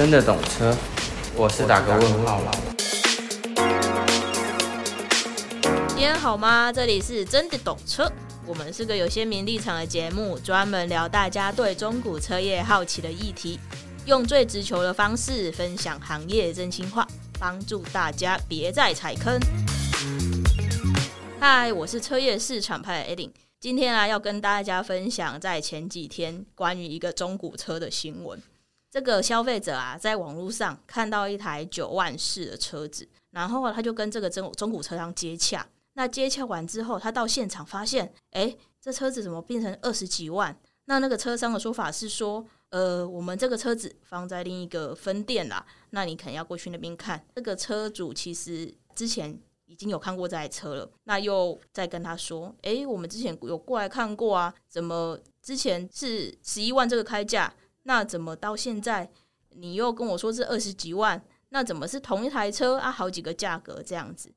真的懂車，我是打個問號。問問今天好嗎？這裡是真的懂車，我們是個有鮮明立場的節目，專門聊大家對中古車業好奇的議題，用最直球的方式分享行業真心話，幫助大家別再踩坑。嗨、嗯，嗯、Hi, 我是車業市場派的艾丁，今天啊要跟大家分享在前幾天關於一個中古車的新聞。這個消費者啊，在網路上看到一台九萬四的車子，然後啊，他就跟這個中中古車商接洽。那接洽完之後，他到現場發現，哎，這車子怎麼變成二十幾萬？那那個車商的說法是說，呃，我們這個車子放在另一個分店啦，那你可能要過去那邊看。這個車主其實之前已經有看過這台車了，那又再跟他說，哎，我們之前有過來看過啊，怎麼之前是十一萬這個開價？那怎麼到現在，你又跟我說是二十幾萬？那怎麼是同一台車啊？好幾個價格，這樣子。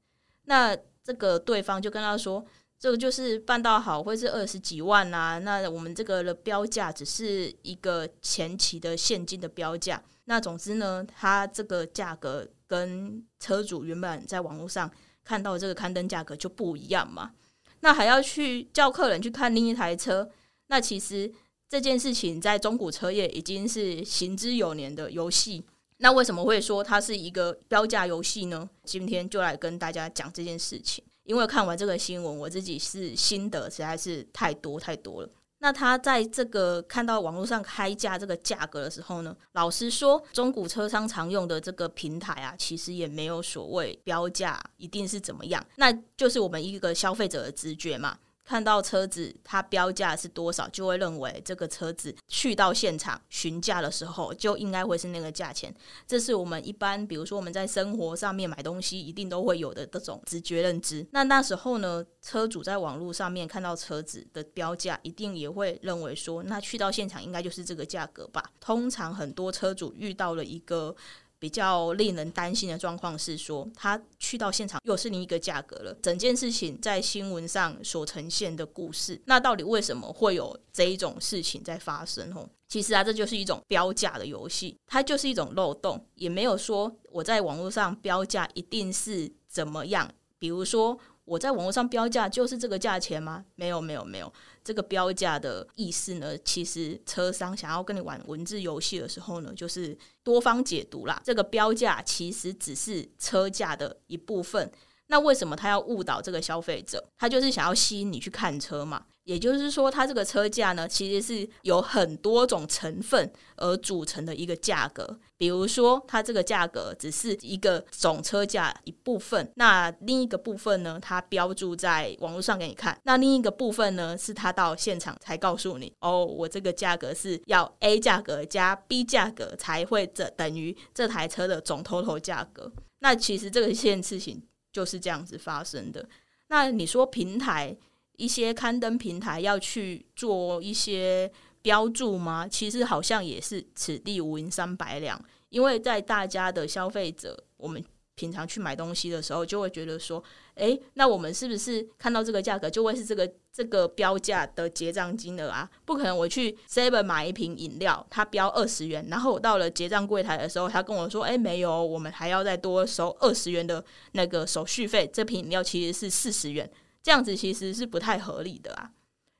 那這個對方就跟他說，這個就是辦到好，會是二十幾萬啊？那我們這個的標價只是一個前期的現金的標價。那總之呢，他這個價格跟車主原本在網絡上看到的這個刊登價格就不一樣嘛。那還要去叫客人去看另一台車，那其實。這件事情在中古車業已經是行之有年的遊戲，那為什麼會說它是一個標價遊戲呢？今天就來跟大家講這件事情。因為看完這個新聞，我自己是心得實在是太多太多了。那他在這個看到網絡上開價這個價格的時候呢，老實說，中古車商常用的這個平台啊，其實也沒有所謂標價一定是怎麼樣，那就是我們一個消費者的直覺嘛。看到車子，它標價是多少，就會認為這個車子去到現場詢價的時候，就應該會是那個價錢。這是我們一般，比如說我們在生活上面買東西，一定都會有的這種直覺認知。那那時候呢，車主在網絡上面看到車子的標價，一定也會認為說，那去到現場應該就是這個價格吧。通常很多車主遇到了一個。比較令人擔心的狀況是說，他去到現場又是另一個價格了。整件事情在新聞上所呈現的故事，那到底為什麼會有這一種事情在發生？吼，其實啊，這就是一種標價的遊戲，它就是一種漏洞，也沒有說我在網絡上標價一定是怎麼樣，比如說。我在網路上標價就是這個價錢嗎？沒有，沒有，沒有。這個標價的意思呢，其實車商想要跟你玩文字遊戲的時候呢，就是多方解讀啦。這個標價其實只是車價的一部分。那為什麼他要誤導這個消費者？他就是想要吸引你去看車嘛。也就是說，他這個車價呢，其實是由很多種成分而組成的一個價格。比如說，它這個價格只是一個總車價一部分，那另一個部分呢，它標注在網絡上給你看。那另一個部分呢，是他到現場才告訴你哦，我這個價格是要 A 價格加 B 價格才會這等於這台車的總 total 價格。那其實這個一件事情。就是這樣子發生的。那你說平台一些刊登平台要去做一些標注嗎？其實好像也是此地無銀三百兩，因為在大家的消費者，我們平常去買東西的時候，就會覺得說，哎，那我們是不是看到這個價格就會是這個？這個標價的結賬金額啊，不可能！我去 Seven 買一瓶飲料，它標二十元，然後我到了結賬櫃檯的時候，他跟我說：“哎、欸，沒有，我們還要再多收二十元的那個手續費，這瓶飲料其實是四十元。”這樣子其實是不太合理的啊。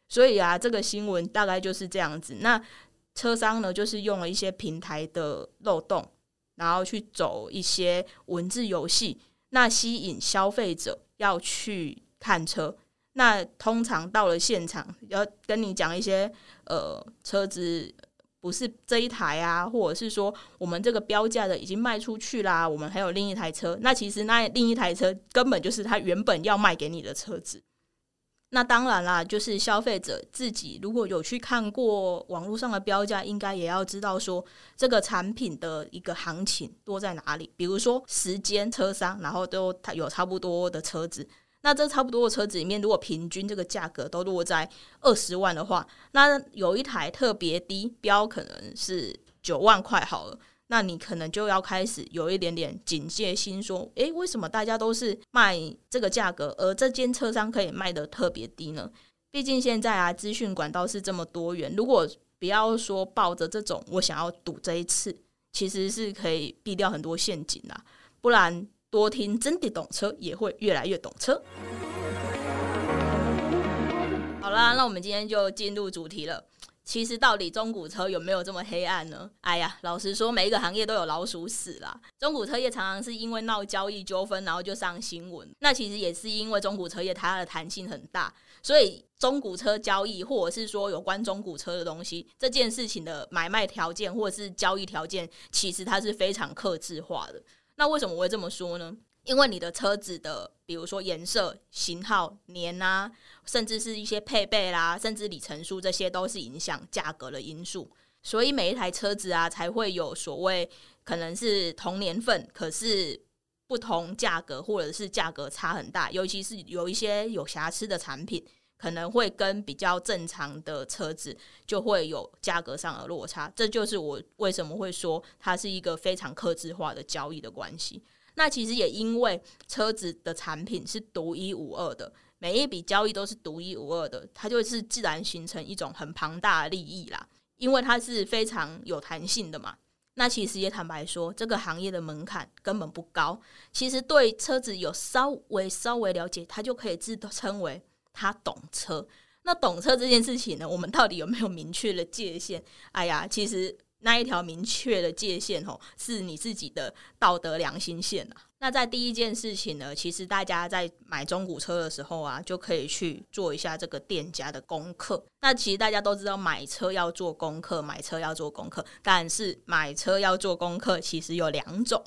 所以啊，這個新聞大概就是這樣子。那車商呢，就是用了一些平台的漏洞，然後去走一些文字遊戲，那吸引消費者要去看車。那通常到了現場，要跟你講一些，呃，車子不是這一台啊，或者是說我們這個標價的已經賣出去啦，我們還有另一台車。那其實那另一台車根本就是他原本要賣給你的車子。那當然啦，就是消費者自己如果有去看過網絡上的標價，應該也要知道說這個產品的一個行情多在哪裡。比如說時間、車商，然後都它有差不多的車子。那這差不多的車子裡面，如果平均這個價格都落在二十萬的話，那有一台特別低標，可能是九萬塊好了。那你可能就要開始有一點點警戒心，說：哎、欸，為什麼大家都是賣這個價格，而這間車商可以賣得特別低呢？畢竟現在啊，資訊管道是這麼多元，如果不要說抱着這種我想要賭這一次，其實是可以避掉很多陷阱啦，不然。多聽真的懂車，也會越來越懂車。好啦，那我們今天就進入主題了。其實，到底中古車有沒有這麼黑暗呢？哎呀，老實說，每一個行業都有老鼠屎啦。中古車業常常是因為鬧交易糾紛，然後就上新聞。那其實也是因為中古車業它的彈性很大，所以中古車交易或者是說有關中古車的東西，這件事情的買賣條件或者是交易條件，其實它是非常客製化的。那為什麼我會這麼說呢？因為你的車子的，比如說顏色、型號、年啊，甚至是一些配備啦，甚至里程數，這些都是影響價格的因素。所以每一台車子啊，才會有所謂可能是同年份，可是不同價格，或者是價格差很大，尤其是有一些有瑕疵的產品，可能會跟比較正常的車子就會有價格上的落差，這就是我為什麼會說它是一個非常客製化的交易的關係。那其實也因為車子的產品是獨一無二的，每一筆交易都是獨一無二的，它就是自然形成一種很龐大的利益啦。因為它是非常有彈性的嘛。那其實也坦白說，這個行業的門檻根本不高。其實對車子有稍微稍微了解，它就可以自稱為。他懂車，那懂車這件事情呢，我們到底有沒有明確的界限？哎呀，其實那一條明確的界限哦，是你自己的道德良心線啊。那在第一件事情呢，其實大家在買中古車的時候啊，就可以去做一下這個店家的功課。那其實大家都知道，買車要做功課，買車要做功課，但是買車要做功課，其實有兩種。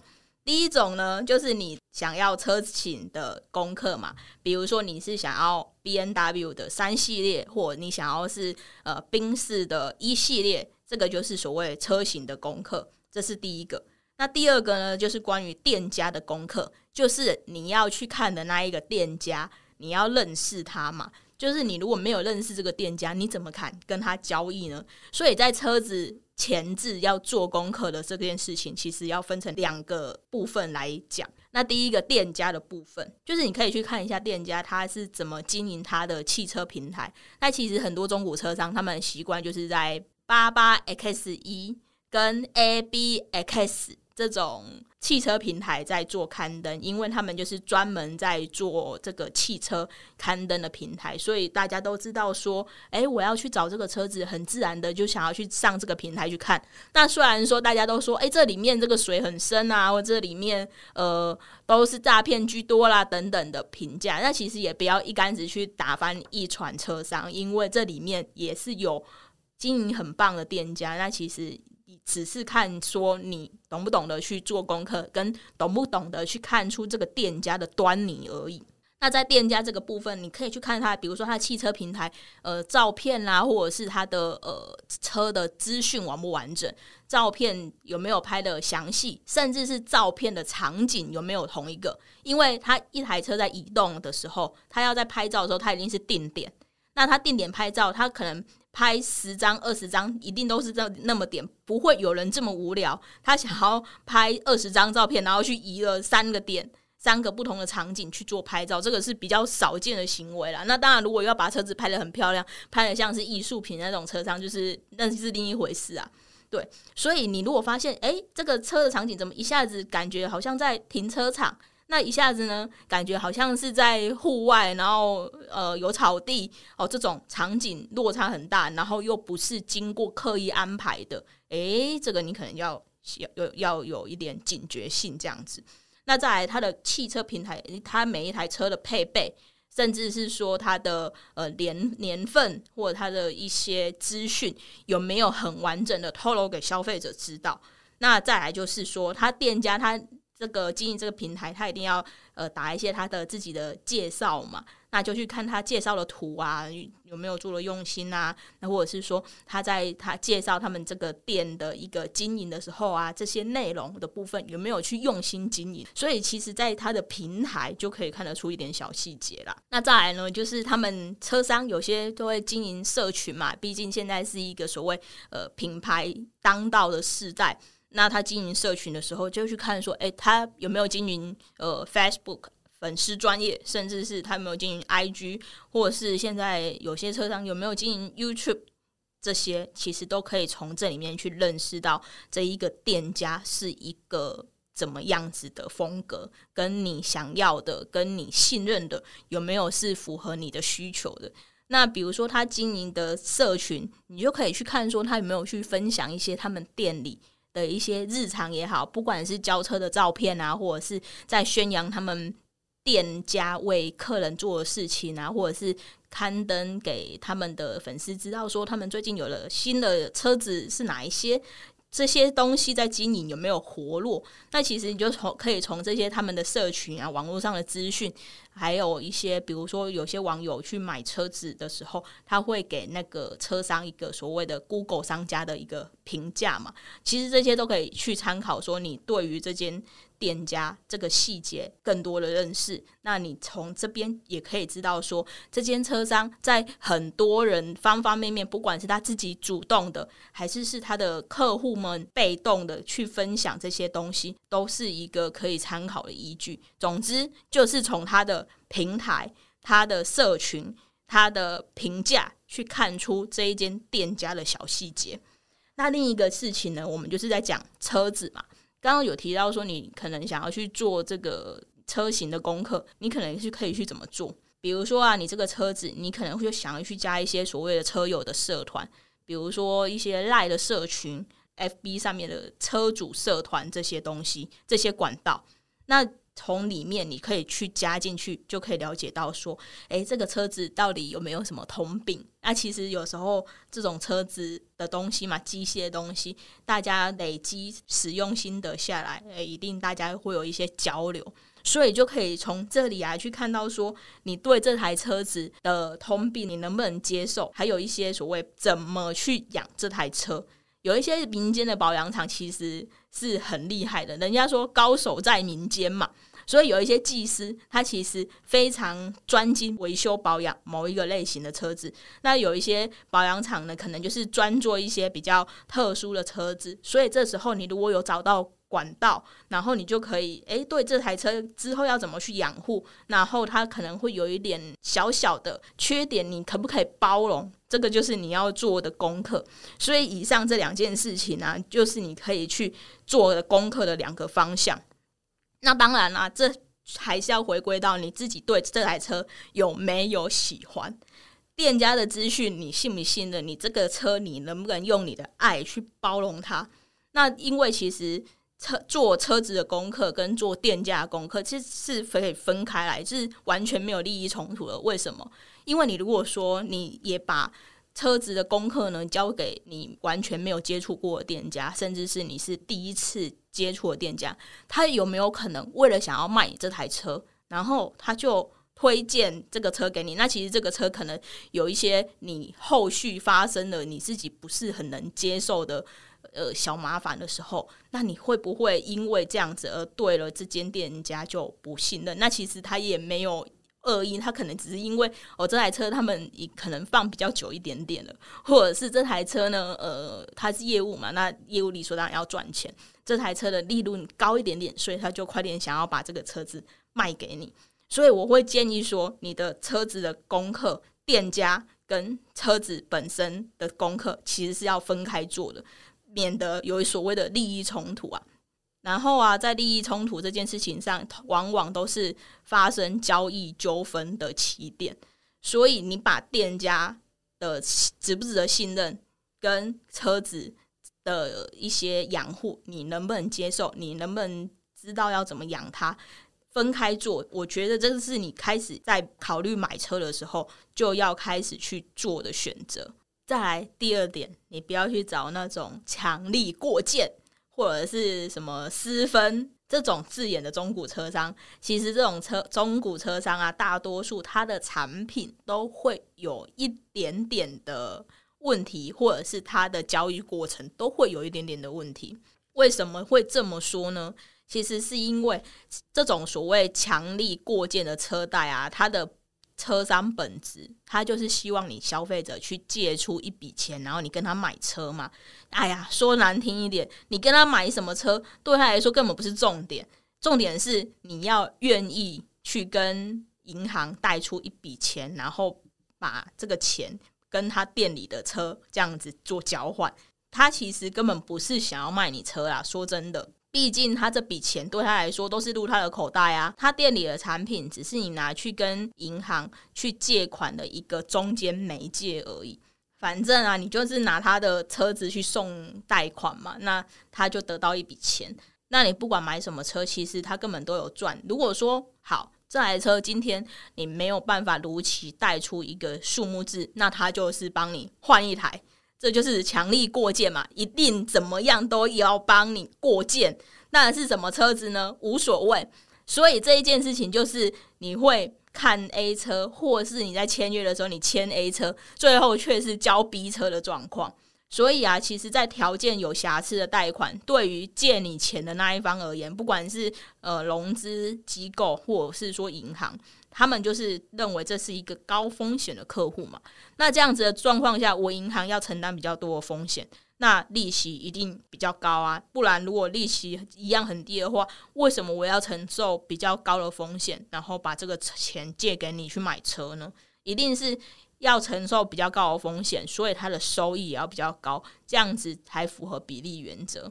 第一種呢，就是你想要車型的功課嘛，比如說你是想要 BMW 的三系列，或你想要是呃賓士的一系列，這個就是所謂車型的功課，這是第一個。那第二個呢，就是關於店家的功課，就是你要去看的那一個店家，你要認識他嘛，就是你如果沒有認識這個店家，你怎麼看跟他交易呢？所以在車子。前置要做功課的這件事情，其實要分成兩個部分來講。那第一個店家的部分，就是你可以去看一下店家他是怎麼經營他的汽車平台。那其實很多中古車商，他們的習慣就是在八八 X 一跟 A B X 一。這種汽車平台在做刊登，因為他們就是專門在做這個汽車刊登的平台，所以大家都知道說，哎、欸，我要去找這個車子，很自然的就想要去上這個平台去看。那雖然說大家都說，哎、欸，這裡面這個水很深啊，或者裡面呃都是詐騙居多啦等等的評價，那其實也不要一竿子去打翻一船車商，因為這裡面也是有經營很棒的店家，那其實。你只是看說你懂不懂得去做功課，跟懂不懂得去看出這個店家的端倪而已。那在店家這個部分，你可以去看他，比如說他汽車平台呃照片啦、啊，或者是他的呃車的資訊完不完整，照片有沒有拍得詳細，甚至是照片的場景有沒有同一個，因為他一台車在移動的時候，他要在拍照的時候，他一定是定點。那他定點拍照，他可能拍十張、二十張，一定都是這那,那麼點，不會有人這麼無聊。他想要拍二十張照片，然後去移了三個點，三個不同的場景去做拍照，這個是比較少見的行為了。那當然，如果要把車子拍得很漂亮，拍得像是藝術品那種車商，就是那是,是另一回事啊。對，所以你如果發現，哎，這個車的場景怎麼一下子感覺好像在停車場？那一下子呢，感覺好像是在戶外，然後呃有草地哦，這種場景落差很大，然後又不是經過刻意安排的，誒，這個你可能要要要有一點警覺性這樣子。那再來，它的汽車平台，它每一台車的配備，甚至是說它的呃年年份或者它的一些資訊有沒有很完整的透露給消費者知道？那再來就是說，它店家它。這個經營這個平台，他一定要呃打一些他的自己的介紹嘛，那就去看他介紹的圖啊，有沒有做了用心啊，那或者是說他在他介紹他們這個店的一個經營的時候啊，這些內容的部分有沒有去用心經營？所以，其實，在他的平台就可以看得出一點小細節了。那再來呢，就是他們車商有些都會經營社群嘛，畢竟現在是一個所謂呃品牌當道的時代。那他經營社群的時候，就去看說，誒、欸，他有沒有經營呃 Facebook 粉絲專頁，甚至是他有沒有經營 IG，或是現在有些車商有沒有經營 YouTube 這些，其實都可以從這裡面去認識到這一個店家是一個怎麼樣子的風格，跟你想要的、跟你信任的有沒有是符合你的需求的。那比如說他經營的社群，你就可以去看說他有沒有去分享一些他們店裡的一些日常也好，不管是交車的照片啊，或者是在宣揚他們店家為客人做的事情啊，或者是刊登給他們的粉絲知道，說他們最近有了新的車子是哪一些。這些東西在經營有沒有活絡？那其實你就從可以從這些他們的社群啊、網絡上的資訊，還有一些比如說有些網友去買車子的時候，他會給那個車商一個所謂的 Google 商家的一個評價嘛。其實這些都可以去參考，說你對於這間。店家這個細節更多的認識，那你從這邊也可以知道說，這間車商在很多人方方面面，不管是他自己主動的，還是是他的客戶們被動的去分享這些東西，都是一個可以參考的依據。總之，就是從他的平台、他的社群、他的評價去看出這一間店家的小細節。那另一個事情呢，我們就是在講車子嘛。剛剛有提到說，你可能想要去做這個車型的功課，你可能去可以去怎麼做？比如說啊，你這個車子，你可能會想要去加一些所謂的車友的社團，比如說一些 LINE 的社群、FB 上面的車主社團這些東西，這些管道，那。從裡面你可以去加進去，就可以了解到說，誒，這個車子到底有沒有什麼通病？那、啊、其實有時候這種車子的東西嘛，機械的東西，大家累積使用心得下來，誒，一定大家會有一些交流，所以就可以從這裡啊去看到說，你對這台車子的通病，你能不能接受？還有一些所謂怎麼去養這台車？有一些民間的保養廠其實是很厲害的，人家說高手在民間嘛，所以有一些技師他其實非常專精維修保養某一個類型的車子。那有一些保養廠呢，可能就是專做一些比較特殊的車子。所以這時候你如果有找到管道，然後你就可以誒、欸、對這台車之後要怎麼去養護，然後它可能會有一點小小的缺點，你可不可以包容？這個就是你要做的功課，所以以上這兩件事情呢、啊，就是你可以去做的功課的兩個方向。那當然啦、啊，這還是要回歸到你自己對這台車有沒有喜歡，店家的資訊你信不信的，你這個車你能不能用你的愛去包容它？那因為其實。車做車子的功課跟做店家功課其實是可以分開來，是完全沒有利益衝突的，為什麼？因為你如果說你也把車子的功課呢交給你完全沒有接觸過店家，甚至是你是第一次接觸的店家，他有沒有可能為了想要賣你這台車，然後他就推薦這個車給你？那其實這個車可能有一些你後續發生的你自己不是很能接受的。呃，小麻煩的時候，那你會不會因為這樣子而對了這間店家就不信任？那其實他也沒有惡意，他可能只是因為我、哦、這台車他們也可能放比較久一點點了，或者是這台車呢，呃，他是業務嘛，那業務理所當然要賺錢，這台車的利潤高一點點，所以他就快點想要把這個車子賣給你。所以我會建議說，你的車子的功課，店家跟車子本身的功課，其實是要分開做的。免得有所謂的利益衝突啊，然後啊，在利益衝突這件事情上，往往都是發生交易糾紛的起點。所以，你把店家的值不值得信任，跟車子的一些養護，你能不能接受，你能不能知道要怎麼養它，分開做。我覺得這個是你開始在考慮買車的時候就要開始去做的選擇。再來第二點，你不要去找那種強力過件或者是什麼私分這種字眼的中古車商。其實這種車中古車商啊，大多數它的產品都會有一點點的問題，或者是它的交易過程都會有一點點的問題。為什麼會這麼說呢？其實是因為這種所謂強力過件的車貸啊，它的。車商本質，他就是希望你消費者去借出一筆錢，然後你跟他買車嘛。哎呀，說難聽一點，你跟他買什麼車，對他來說根本不是重點，重點是你要願意去跟銀行貸出一筆錢，然後把這個錢跟他店裡的車這樣子做交換。他其實根本不是想要賣你車啦，說真的。畢竟他這筆錢對他來說都是入他的口袋啊，他店裡的產品只是你拿去跟銀行去借款的一個中間媒介而已。反正啊，你就是拿他的車子去送貸款嘛，那他就得到一筆錢。那你不管買什麼車，其實他根本都有賺。如果說好這台車今天你沒有辦法如期貸出一個數目字，那他就是幫你換一台。這就是強力過件嘛，一定怎麼樣都要幫你過件。那是什麼車子呢？無所謂。所以這一件事情就是，你會看 A 車，或是你在簽約的時候，你簽 A 車，最後卻是交 B 車的狀況。所以啊，其實，在條件有瑕疵的貸款，對於借你錢的那一方而言，不管是呃融資機構，或者是說銀行。他們就是認為這是一個高風險的客戶嘛。那這樣子的狀況下，我銀行要承擔比較多的風險，那利息一定比較高啊。不然如果利息一樣很低的話，為什麼我要承受比較高的風險，然後把這個錢借給你去買車呢？一定是要承受比較高的風險，所以它的收益也要比較高，這樣子才符合比例原則。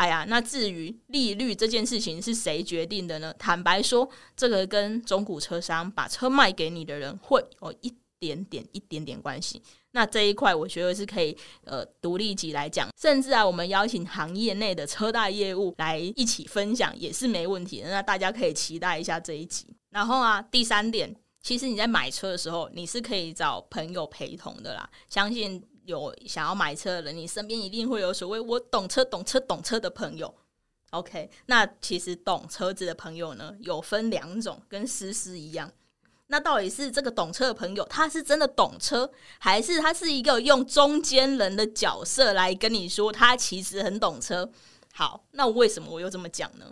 哎呀，那至於利率這件事情是誰決定的呢？坦白說，這個跟中古車商把車賣給你的人會有一點點、一點點關係。那這一塊我覺得是可以呃獨立集來講，甚至啊，我們邀請行業內的車貸業務來一起分享也是沒問題的。那大家可以期待一下這一集。然後啊，第三點，其實你在買車的時候，你是可以找朋友陪同的啦。相信。有想要買車的人，你身邊一定會有所謂我懂車、懂車、懂車的朋友。OK，那其實懂車子的朋友呢，有分兩種，跟思思一樣。那到底是這個懂車的朋友，他是真的懂車，還是他是一個用中間人的角色來跟你說他其實很懂車？好，那為什麼我又這麼講呢？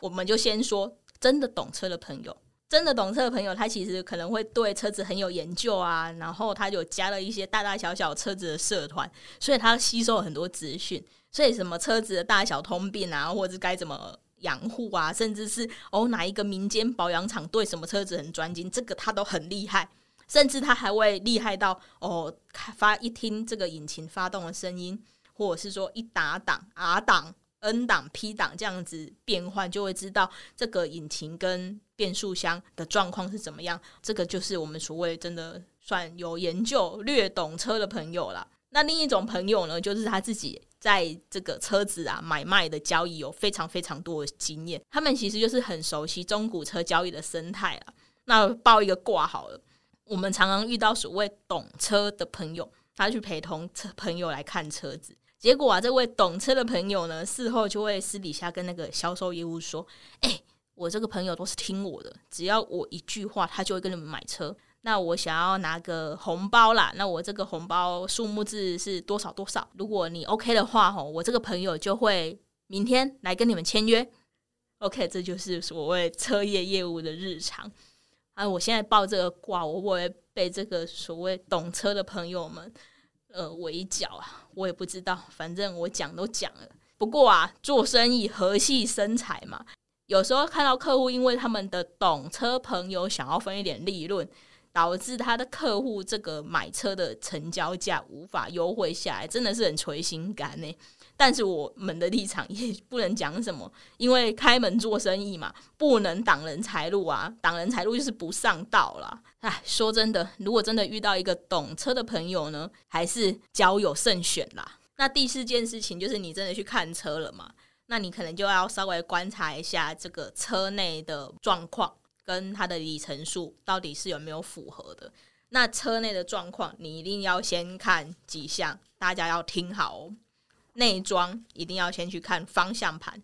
我們就先說真的懂車的朋友。真的懂車的朋友，他其實可能會對車子很有研究啊，然後他就加了一些大大小小車子的社團，所以他吸收了很多資訊。所以什麼車子的大小通病啊，或者是該怎麼養護啊，甚至是哦，哪一個民間保養廠對什麼車子很專精，這個他都很厲害。甚至他還會厲害到哦，發一聽這個引擎發動的聲音，或者是說一打檔 R 檔 N 檔 P 檔這樣子變換，就會知道這個引擎跟。變速箱的狀況是怎麼樣？這個就是我們所謂真的算有研究、略懂車的朋友了。那另一種朋友呢，就是他自己在這個車子啊買賣的交易有非常非常多的經驗，他們其實就是很熟悉中古車交易的生態了。那報一個掛好了，我們常常遇到所謂懂車的朋友，他去陪同車朋友來看車子，結果啊，這位懂車的朋友呢，事後就會私底下跟那個銷售業務說：“哎、欸。”我這個朋友都是聽我的，只要我一句話，他就會跟你們買車。那我想要拿個紅包啦，那我這個紅包數目字是多少多少？如果你 OK 的話吼，我這個朋友就會明天來跟你們簽約。OK，這就是所謂車業業務的日常。啊，我現在報這個卦，會不會被這個所謂懂車的朋友們呃圍剿啊？我也不知道，反正我講都講了。不過啊，做生意和氣生財嘛。有時候看到客戶，因為他們的懂車朋友想要分一點利潤，導致他的客戶這個買車的成交價無法優惠下來，真的是很捶心肝呢、欸。但是我們的立場也不能講什麼，因為開門做生意嘛，不能擋人財路啊！擋人財路就是不上道啦。唉，說真的，如果真的遇到一個懂車的朋友呢，還是交友慎選啦。那第四件事情就是，你真的去看車了嗎？那你可能就要稍微觀察一下這個車內的狀況，跟它的里程數到底是有沒有符合的。那車內的狀況，你一定要先看幾項，大家要聽好哦。內裝一定要先去看方向盤。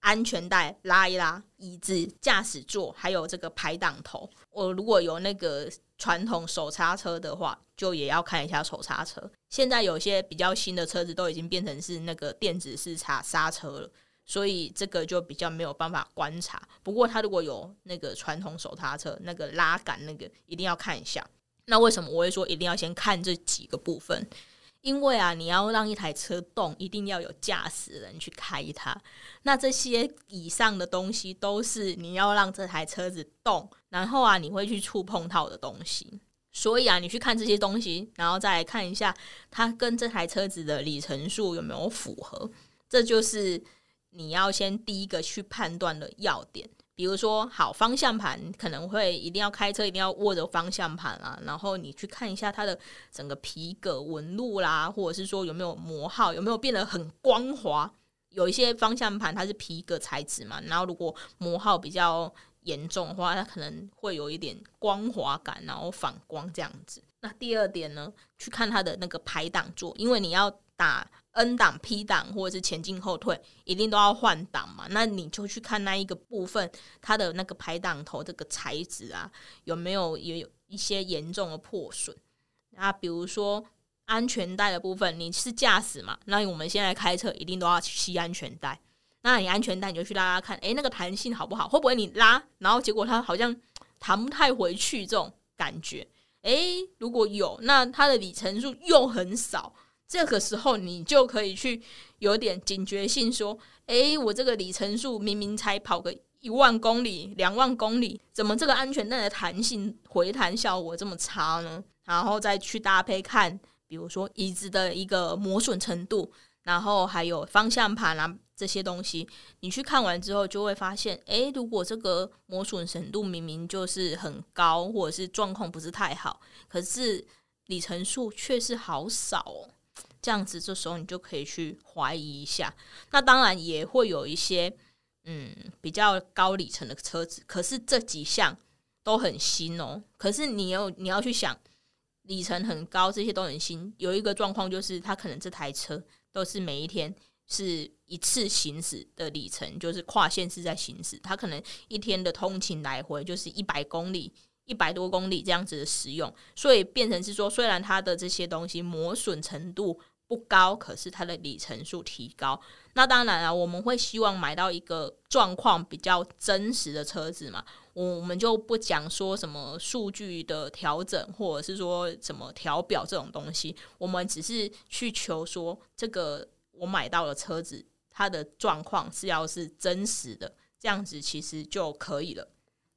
安全帶拉一拉，椅子、駕駛座，還有這個排擋頭。我如果有那個傳統手剎車的話，就也要看一下手剎車。現在有些比較新的車子都已經變成是那個電子式手剎車了，所以這個就比較沒有辦法觀察。不過，它如果有那個傳統手剎車，那個拉桿那個一定要看一下。那為什麼我會說一定要先看這幾個部分？因為啊，你要讓一台車動，一定要有駕駛人去開它。那這些以上的東西都是你要讓這台車子動，然後啊，你會去觸碰到的東西。所以啊，你去看這些東西，然後再來看一下它跟這台車子的里程數有沒有符合。這就是你要先第一個去判斷的要點。比如說，好方向盤可能會一定要開車，一定要握着方向盤啊。然後你去看一下它的整個皮革紋路啦，或者是說有沒有磨耗，有沒有變得很光滑。有一些方向盤它是皮革材質嘛，然後如果磨耗比較嚴重的話，它可能會有一點光滑感，然後反光這樣子。那第二點呢，去看它的那個排檔座，因為你要。打 N 檔，P 檔或者是前進後退，一定都要換擋嘛。那你就去看那一個部分，它的那個排擋頭這個材質啊，有沒有也有一些嚴重的破損啊？那比如說安全帶的部分，你是駕駛嘛？那我們現在開車一定都要去繫安全帶。那你安全帶你就去拉拉看，誒、欸，那個彈性好不好？會不會你拉，然後結果它好像彈不太回去這種感覺？誒、欸，如果有，那它的里程數又很少。這個時候，你就可以去有點警覺性，說：“誒，我這個里程數明明才跑個一萬公里、兩萬公里，怎麼這個安全帶的彈性回彈效果這麼差呢？”然後再去搭配看，比如說椅子的一個磨損程度，然後還有方向盤啊這些東西，你去看完之後，就會發現，誒，如果這個磨損程度明明就是很高，或者是狀況不是太好，可是里程數卻是好少哦。這樣子，這時候你就可以去懷疑一下。那當然也會有一些嗯比較高里程的車子，可是這幾項都很新哦。可是你又你要去想，里程很高，這些都很新。有一個狀況就是，它可能這台車都是每一天是一次行駛的里程，就是跨線是在行駛。它可能一天的通勤來回就是一百公里。一百多公里這樣子的使用，所以變成是說，雖然它的這些東西磨損程度不高，可是它的里程數提高。那當然啊，我們會希望買到一個狀況比較真實的車子嘛。我們就不講說什麼數據的調整，或者是說什麼調表這種東西。我們只是去求說，這個我買到的車子它的狀況是要是真實的，這樣子其實就可以了。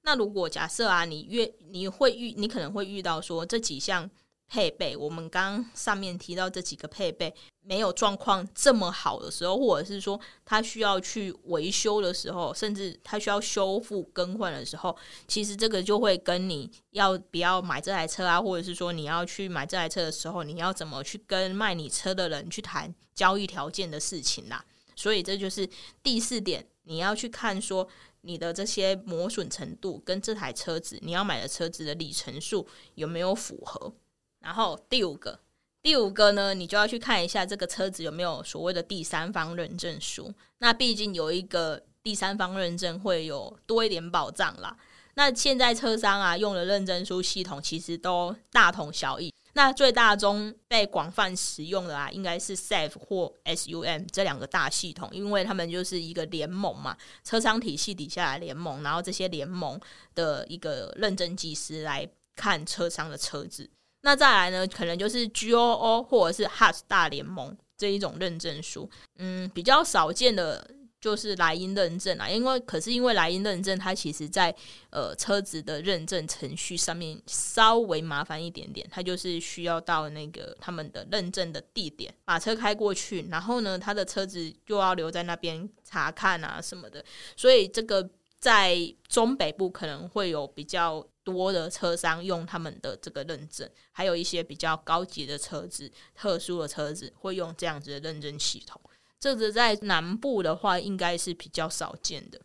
那如果假設啊，你越你會遇你可能會遇到說這幾項配備，我們剛上面提到這幾個配備沒有狀況這麼好的時候，或者是說它需要去維修的時候，甚至它需要修復更換的時候，其實這個就會跟你要不要買這台車啊，或者是說你要去買這台車的時候，你要怎麼去跟賣你車的人去談交易條件的事情啦。所以這就是第四點，你要去看說。你的這些磨損程度跟這台車子你要買的車子的里程數有沒有符合？然後第五個，第五個呢，你就要去看一下這個車子有沒有所謂的第三方認證書。那畢竟有一個第三方認證會有多一點保障啦。那現在車商啊用的認證書系統其實都大同小異。那最大宗被廣泛使用的啊，應該是 SAVE 或 SUM 這兩個大系統，因為他們就是一個聯盟嘛，車商體系底下的聯盟，然後這些聯盟的一個認證技師來看車商的車子。那再來呢，可能就是 GOO 或者是 HOT 大聯盟這一種認證書，嗯，比較少見的。就是萊茵認證啊，因為可是因為萊茵認證，它其實在呃車子的認證程序上面稍微麻煩一點點，它就是需要到那個他們的認證的地點，把車開過去，然後呢，他的車子就要留在那邊查看啊什麼的，所以這個在中北部可能會有比較多的車商用他們的這個認證，還有一些比較高級的車子、特殊的車子會用這樣子的認證系統。這個在南部的話，應該是比較少見的。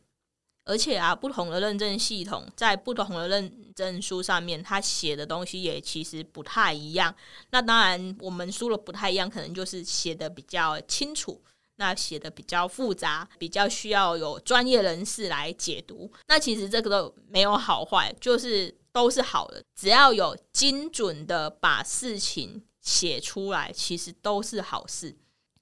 而且啊，不同的認證系統，在不同的認證書上面，它寫的東西也其實不太一樣。那當然，我們說的不太一樣，可能就是寫的比較清楚，那寫的比較複雜，比較需要有專業人士來解讀。那其實這個都沒有好壞，就是都是好的，只要有精準的把事情寫出來，其實都是好事。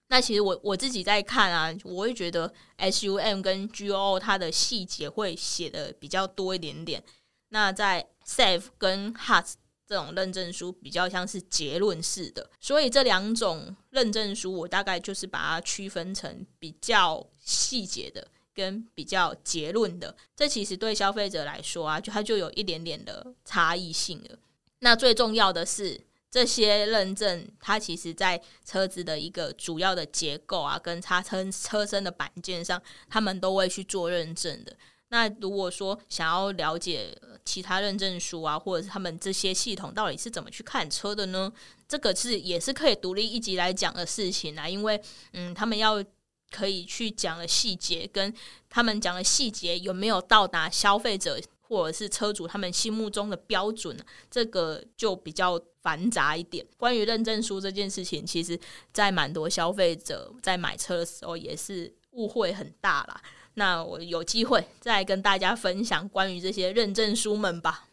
那其實我我自己在看啊，我會覺得 S U M 跟 G O 它的細節會寫的比較多一點點。那在 Save 跟 HOT 這種認證書比較像是結論式的，所以這兩種認證書我大概就是把它區分成比較細節的跟比較結論的。這其實對消費者來說啊，就它就有一點點的差異性了。那最重要的是。這些認證，它其實，在車子的一個主要的結構啊，跟車身車身的板件上，他們都會去做認證的。那如果說想要了解其他認證書啊，或者是他們這些系統到底是怎麼去看車的呢？這個是也是可以獨立一集來講的事情啊。因為，嗯，他們要可以去講的細節，跟他們講的細節有沒有到達消費者或者是車主他們心目中的標準呢，這個就比較。繁雜一點。關於認證書這件事情，其實，在蠻多消費者在買車的時候也是誤會很大啦。那我有機會再跟大家分享關於這些認證書們吧。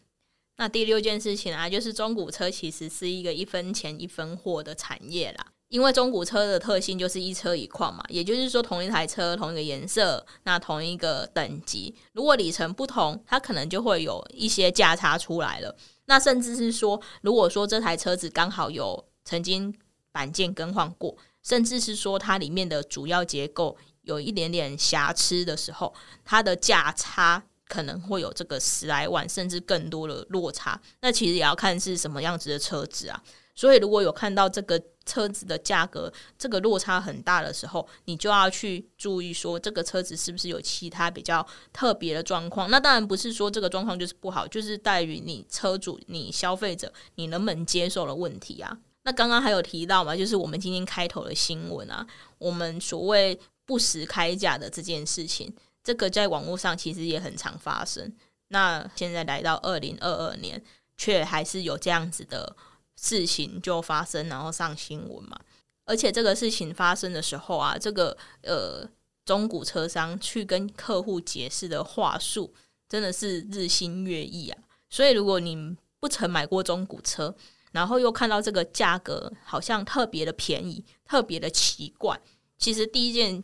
那第六件事情啊，就是中古車其實是一個一分錢一分貨的產業啦。因為中古車的特性就是一車一況嘛，也就是說，同一台車、同一個顏色、那同一個等級，如果里程不同，它可能就會有一些價差出來了。那甚至是說，如果說這台車子剛好有曾經板件更換過，甚至是說它裡面的主要結構有一點點瑕疵的時候，它的價差可能會有這個十來萬，甚至更多的落差。那其實也要看是什麼樣子的車子啊。所以，如果有看到這個車子的價格這個落差很大的時候，你就要去注意說這個車子是不是有其他比較特別的狀況。那當然不是說這個狀況就是不好，就是在於你車主、你消費者你能不能接受的問題啊。那剛剛還有提到嘛，就是我們今天開頭的新聞啊，我們所謂不實開價的這件事情，這個在網絡上其實也很常發生。那現在來到二零二二年，卻還是有這樣子的。事情，就發生，然後上新聞嘛。而且這個事情發生的時候啊，這個呃中古車商去跟客戶解釋的話術真的是日新月異啊。所以如果你不曾買過中古車，然後又看到這個價格好像特別的便宜，特別的奇怪，其實第一件，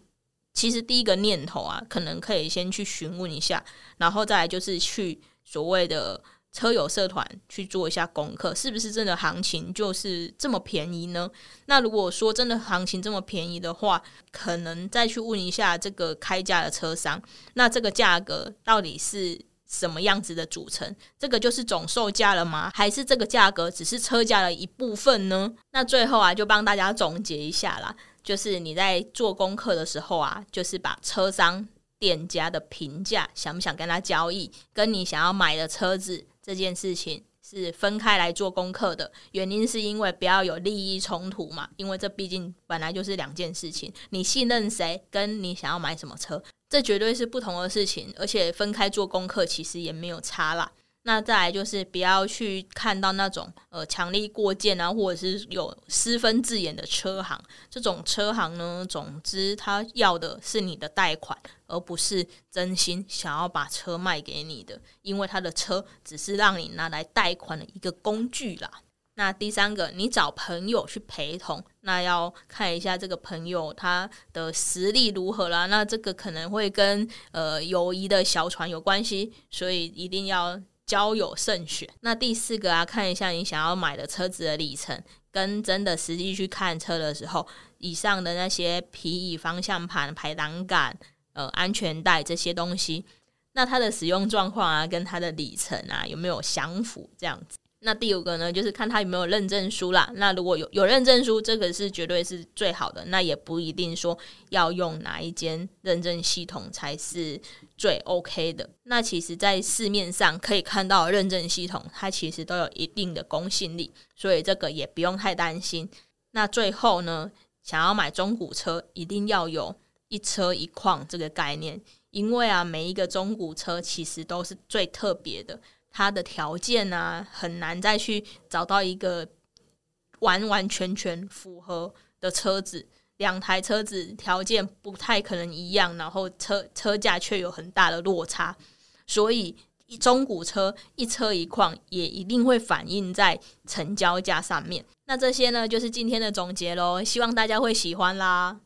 其實第一個念頭啊，可能可以先去詢問一下，然後再來就是去所謂的車友社團去做一下功課，是不是真的行情就是這麼便宜呢？那如果說真的行情這麼便宜的話，可能再去問一下這個開價的車商，那這個價格到底是什麼樣子的組成？這個就是總售價了嗎？還是這個價格只是車價的一部分呢？那最後啊，就幫大家總結一下啦。就是你在做功課的時候啊，就是把車商店家的評價，想不想跟他交易，跟你想要買的車子，這件事情是分開來做功課的，原因是因為不要有利益衝突嘛，因為這畢竟本來就是兩件事情。你信任誰，跟你想要買什麼車，這絕對是不同的事情，而且分開做功課其實也沒有差啦。那再來就是不要去看到那種呃強力過件啊，或者是有私分字眼的車行，這種車行呢，總之他要的是你的貸款，而不是真心想要把車賣給你的，因為他的車只是讓你拿來貸款的一個工具啦。那第三個，你找朋友去陪同，那要看一下這個朋友他的實力如何啦。那這個可能會跟呃友誼的小船有關係，所以一定要。交友慎選。那第四個啊，看一下你想要買的車子的里程，跟真的實際去看車的時候，以上的那些皮椅、方向盤、排擋桿、呃，安全帶這些東西，那它的使用狀況啊，跟它的里程啊，有沒有相符？這樣子。那第五個呢，就是看他有沒有認證書啦。那如果有有認證書，這個是絕對是最好的。那也不一定說要用哪一間認證系統才是最 OK 的。那其實，在市面上可以看到認證系統，它其實都有一定的公信力，所以這個也不用太擔心。那最後呢，想要買中古車，一定要有一車一況這個概念，因為啊，每一個中古車其實都是最特別的。它的條件啊，很難再去找到一個完完全全符合的車子。兩台車子條件不太可能一樣，然後車車價卻有很大的落差，所以一中古車一車一況也一定會反映在成交價上面。那這些呢，就是今天的總結嘍，希望大家會喜歡啦。